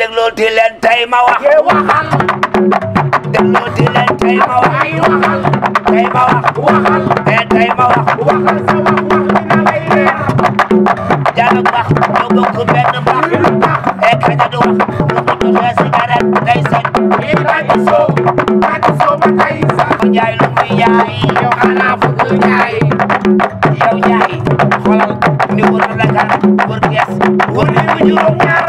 dégloo ti leen tey ma wax waxal dégloo ti leen tey ma wax waxal tey ma wax waxal tey ma wax waxal sa wax wax dina lay leer jàll wax ñoo bokk benn mbax e kañ du wax lu mu joxee sigaret day sañ lii bàcc soo bàcc soo ba tey sax ko jaay lu muy yaay yow xanaa fugul yaay yow yaay xoolal ni wër la kan wër gees wër li mu juróom ñaar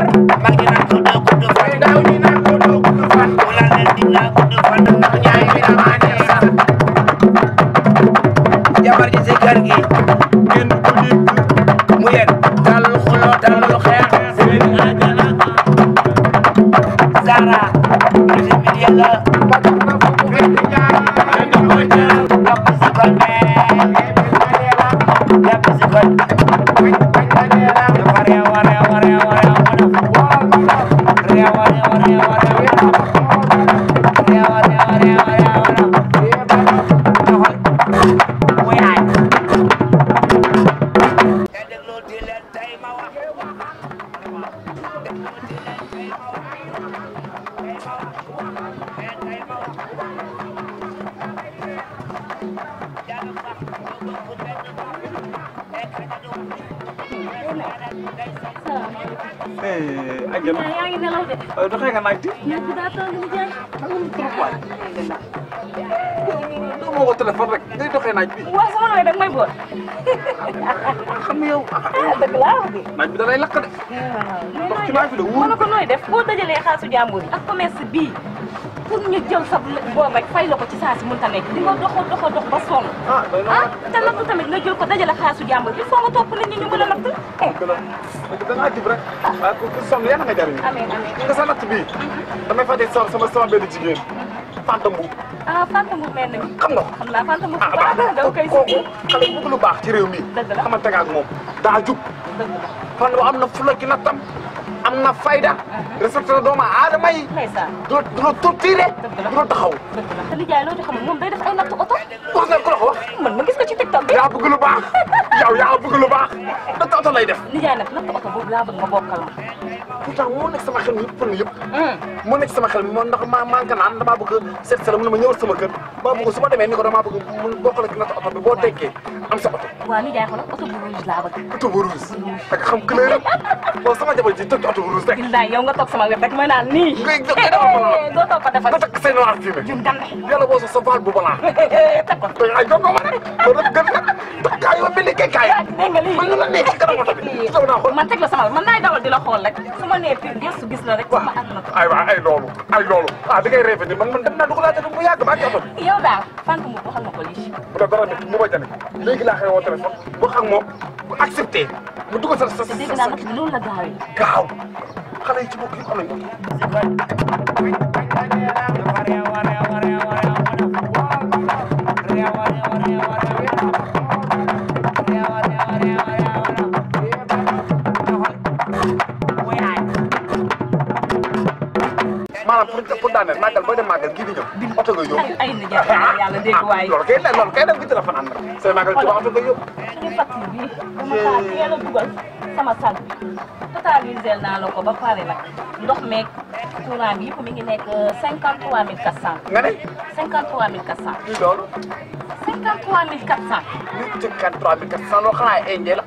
Thank you. ajjana yaa ngi nelaw de. doxee nga naaj bi. naaj bi daa tàng ni jaay. tàng na trop waay. doo ma woo téléphone rek ngay doxee naaj bi. waaw sama nooy dag may bool. xam nga yow. dëgg laa wax de. naaj bi da lay lakk de. waaw waaw. dox ci naaj bi de wóor. mën na ko nooy def boo dajalee xaalisu jàmbur ak commerce bii. pour ñu jël sa boobu rek fay la ko ci saa si mënta nekk di nga doxoo doxoo dox ba sonn. ah, ah te natt tamit nga jël ko dajale xaalisu jàmbur il faut nga topp nit ñi ñu mën a natt. dëgg la da ngaa jub rek. waaye ah. ah, ku sonn nga jariñ. amiin amiin te sa natt bii. Mm-hmm. damay fajee sama sama sama benn jigéen. Mm-hmm. Fanta Mbour. ah Fanta nga ko xam naa Fanta Mbour bu baax da nga koy subi xale bu bëgg lu baax ci réew mi. dëgg la xamante nga ak moom daa jub. am na fula ki nattam am na fayda respecté na doomu aadama yi. du la du la torturé du la taxaw. dëgg la te liggéey loo ci xamul moom day def ay natt oto. wax na ko la ko wax. man ma gis ko ci TikTok bi. daa bëgg lu oto lay def. nijaay nag natt oto boobu laa bëgg nga bokkal ma. pourtant moo nekk sama xel mi yëpp pël yëpp. moo nekk sama xel mi man ndax maa maa ngi naan damaa bëgg seet sa la mu ne ma ñëwal sama kër. maa bëgg su ma demee ni ko damaa bëgg mu bokkal ak natt bi boo tekkee am sa oto. waaw nijaay xoolal oto bu rouge laa bëgg. oto bu rouge. da xam couleur rek. sama jabar ji tëj oto bu rouge rek. billaay yow ya, nga toog sama wet rek ma naan nii. ngay jël kay dafa mën a. doo toog ko defal nga takk say noir fii rek. jum dam yàlla boo sa sa bu balaa. teg ko ay jokkoo ma rek. loolu gën xool man teg la sama man naay dawal di la xool rek su ma nee fii gëstu gis la rek. waaw ay waaw ay loolu ay loolu. ah da ngay rêvé ni man man dem naa dugg laa bu yàgg maa ngi oto bi. yow daal fànk mu waxal ma ko lii. bu dee dara mu ma jane léegi laa xëy sa sa sa. dégg naa nag loolu la gaawee. gaaw xale yi ci bopp yi am nañu ko. amee màggal boo dem màggal gii di ñëw oto nga yóbbu ay na jàpp yàlla dégg ah, waaye loolu kay loolu kay dem bi la fanaan rek seen màggal ci oto nga yóbbu suñu facture bi dama saa teel a dugal sama sal bi totalisé naa la ko ba pare nag ndox meeg courant bi yëpp mi ngi nekk cinquante trois mille quatre cent nga ne cinquante trois mille quatre cent loolu cinquante trois mille quatre cent cinquante trois mille quatre cent loolu xanaa ay njëy la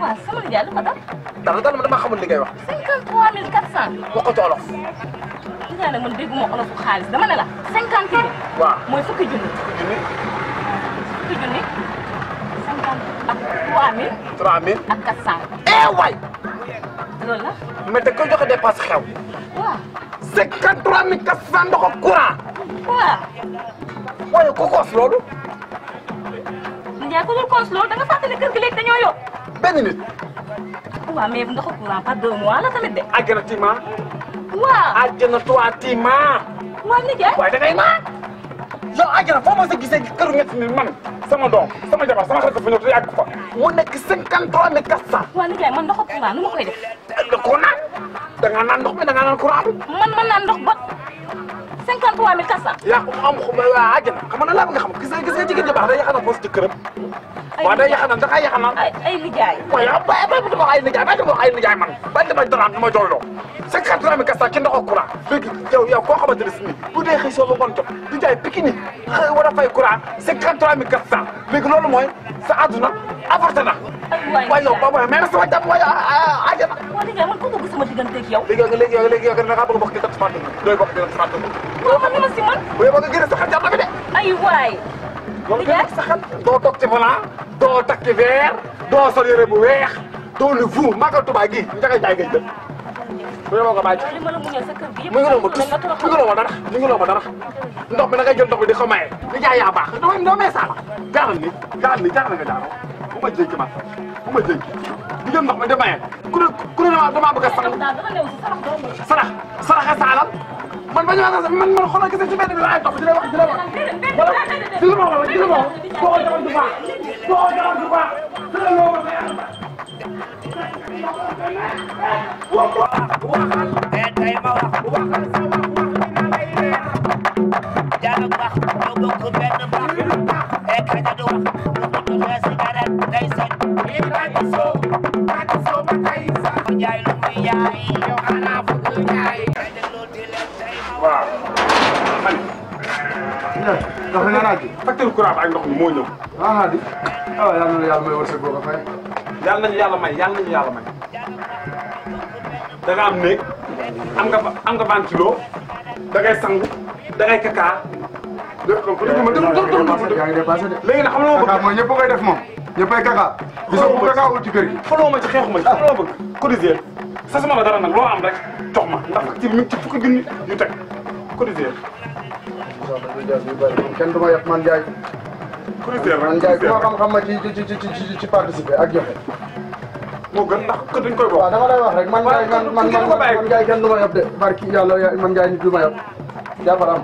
waaw sama njaay la ko dal dara dal ma dama xamul li ngay wax cinquante trois mille quatre cent wax ko ci olof xam nga ne man dégguma olofu xaalis dama ne la cinquante mille. waaw mooy fukki junni. fukki junni. fukki junni cinquante ak trois mille. trois mille ak quatre cent. eh waay. loolu la. mais da koy joxe dépense xew. waaw. cinquante trois mille quatre cent ndoxu courant. waaw. waaye ku koos loolu. Ndiaye ku dul koos loolu da nga fàttali kër gi léegi o yóbbu. benn nit. waaw mais ndoxu courant par deux mois la tamit de. agratiement. Aja àjjana hati ma. waaw nijaay waaye da ma. Yo aja lah, ma sa gisee këru ñett man sama doom sama jabar sama xarit bu ñëw te yàgg fa mu nekk cinquante trois mille quatre cent. waaw nijaay man ndoxu courant nu ma koy def. da koo naan man man naan ndox ba cinquante trois mille quatre cent. yaa ko am xuma waa àjjana xam nga laa nga xam gis nga gis nga jigéen ji baax day yaxanal poos ci këram. waaw day yaxanal da man fekk yow yow koo xamante ne si bu dee xëy soo ba ngoon jot di jaay pikini xëy war a fay courant cinquante trois mille quatre cent léegi loolu mooy sa àdduna avorté na. waaye yow ba mooy mais nag sama jàpp waaye ah, àjjana. waaw léegi man ku bëgg sama digganteeg yow. léegi yow léegi yow léegi yow da ngaa bëgg a bokk ci sama tënk dooy bokk ci sama tënk. waaw xam nga ma si man. bu yeboo nga génne sa xel jàpp bi de. ay waay. loolu génne sa xel doo toog ci volant doo takki verre doo sol yére bu weex doo lu vu màggal Tuubaa gi njaga jaay ngay jël du ma ko bàyyi ci. mu ngi doon ma tus mu ngi doon ma dara mu ngi doon ma dara ndox mi da ngay jël ndox mi di ko maye di jaay yaa baax ndox mi ndox mee saala jaaral ni jaaral ni jaaral nga jaaral bu ma jënki man bu ma jënki di jël ndox mi di maye ku ne ku ne dama dama bëgg a sarax sarax saraxe saalal man bañ a man man xoolal gis ci benn bi ay topp di la wax di la wax wala di la ma wax di la ma wax boo ko jaral du baax boo ko jaral du baax waaw. facteur courant bi ak ndox mi moo ñëw. ah di ah yàlla na yàlla may wërsëg boo ko fay. yàlla nañu yàlla may yàlla nañu yàlla da am néeg am nga am nga ventilo da ngay sangu da ngay kakaar. dégg nga ma déglu déglu ma déglu léegi nag xam nga ma bëgg. mooy ñëpp koy def moom ñëppay kakaar. gisoo ci kër gi. faloo ma ci xeexu ma ci faloo ma bëgg. cotiser dara nag loo am rek jox ma ndax facture mi ci fukki junni yu teg cotiser. waaw man crucial man Ndiaye su ma xam-xam ma ci ci ci ci ci ma yab de. barki yàlla man Ndiaye nit du ma yab jaafara am.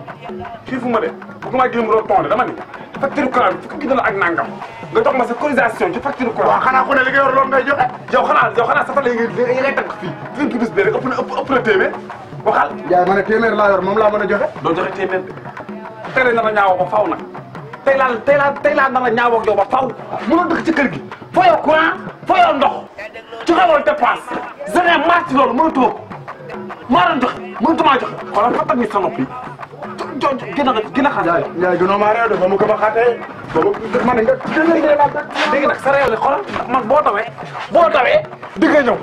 fii fu ma de bu ma nga jox ma sa cotisation ci facture courant. waaw xanaa ku ne li nga yor loolu ngay joxe. yow xanaa sa fan yi ngay ngay na ëpp ma ne téeméer laa yor moom laa mën a joxe. doo joxe téeméer tere na la ñaaw ba faaw tey laa tey na tey laa nar a ñaaw ak yow ba faaw mënoo dëkk ci kër gi fooyoo courant fooyoo ndox joxewoo dépense jeunesse màcc loolu mënatuma ko maa doon joxe mënatumaa joxe xoolal fa tamit sa noppi jo gën a gën a xam. Ndiaye Ndiaye gënoo maa réew de ba mu ko ma xaatee ba mu man nga gën a gën a léegi nag sa réew li xoolal man boo tawee boo tawee di nga ñëw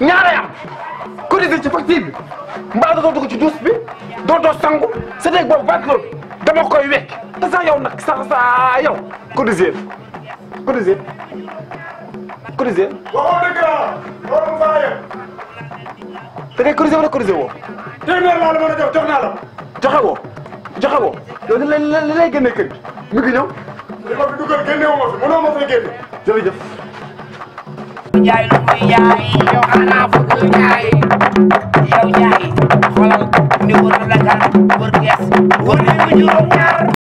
ñaare am cotiser ci facture bi mbaa dootoo dugg ci douche bi dootoo sangu sa néeg boobu vingt loolu dama koy wekk te sax yow nag sax saa yow cotiser cotiser cotiser. waxoon dëgg yàlla loolu faa yem. da ngay cotiser wala cotiser woo. téeméer laa la mën a jox jox naa la. joxe woo joxe woo yow li lay li lay génnee kër gi mi ngi ñëw. li ma fi dugal génne wu ma fi mënoo ma fay génne. jërëjëf. jaay lu muy jaay yow xanaa bëgg jaay yow jaay xoolal ni wër la gan wër gees wër leen juróom ñaar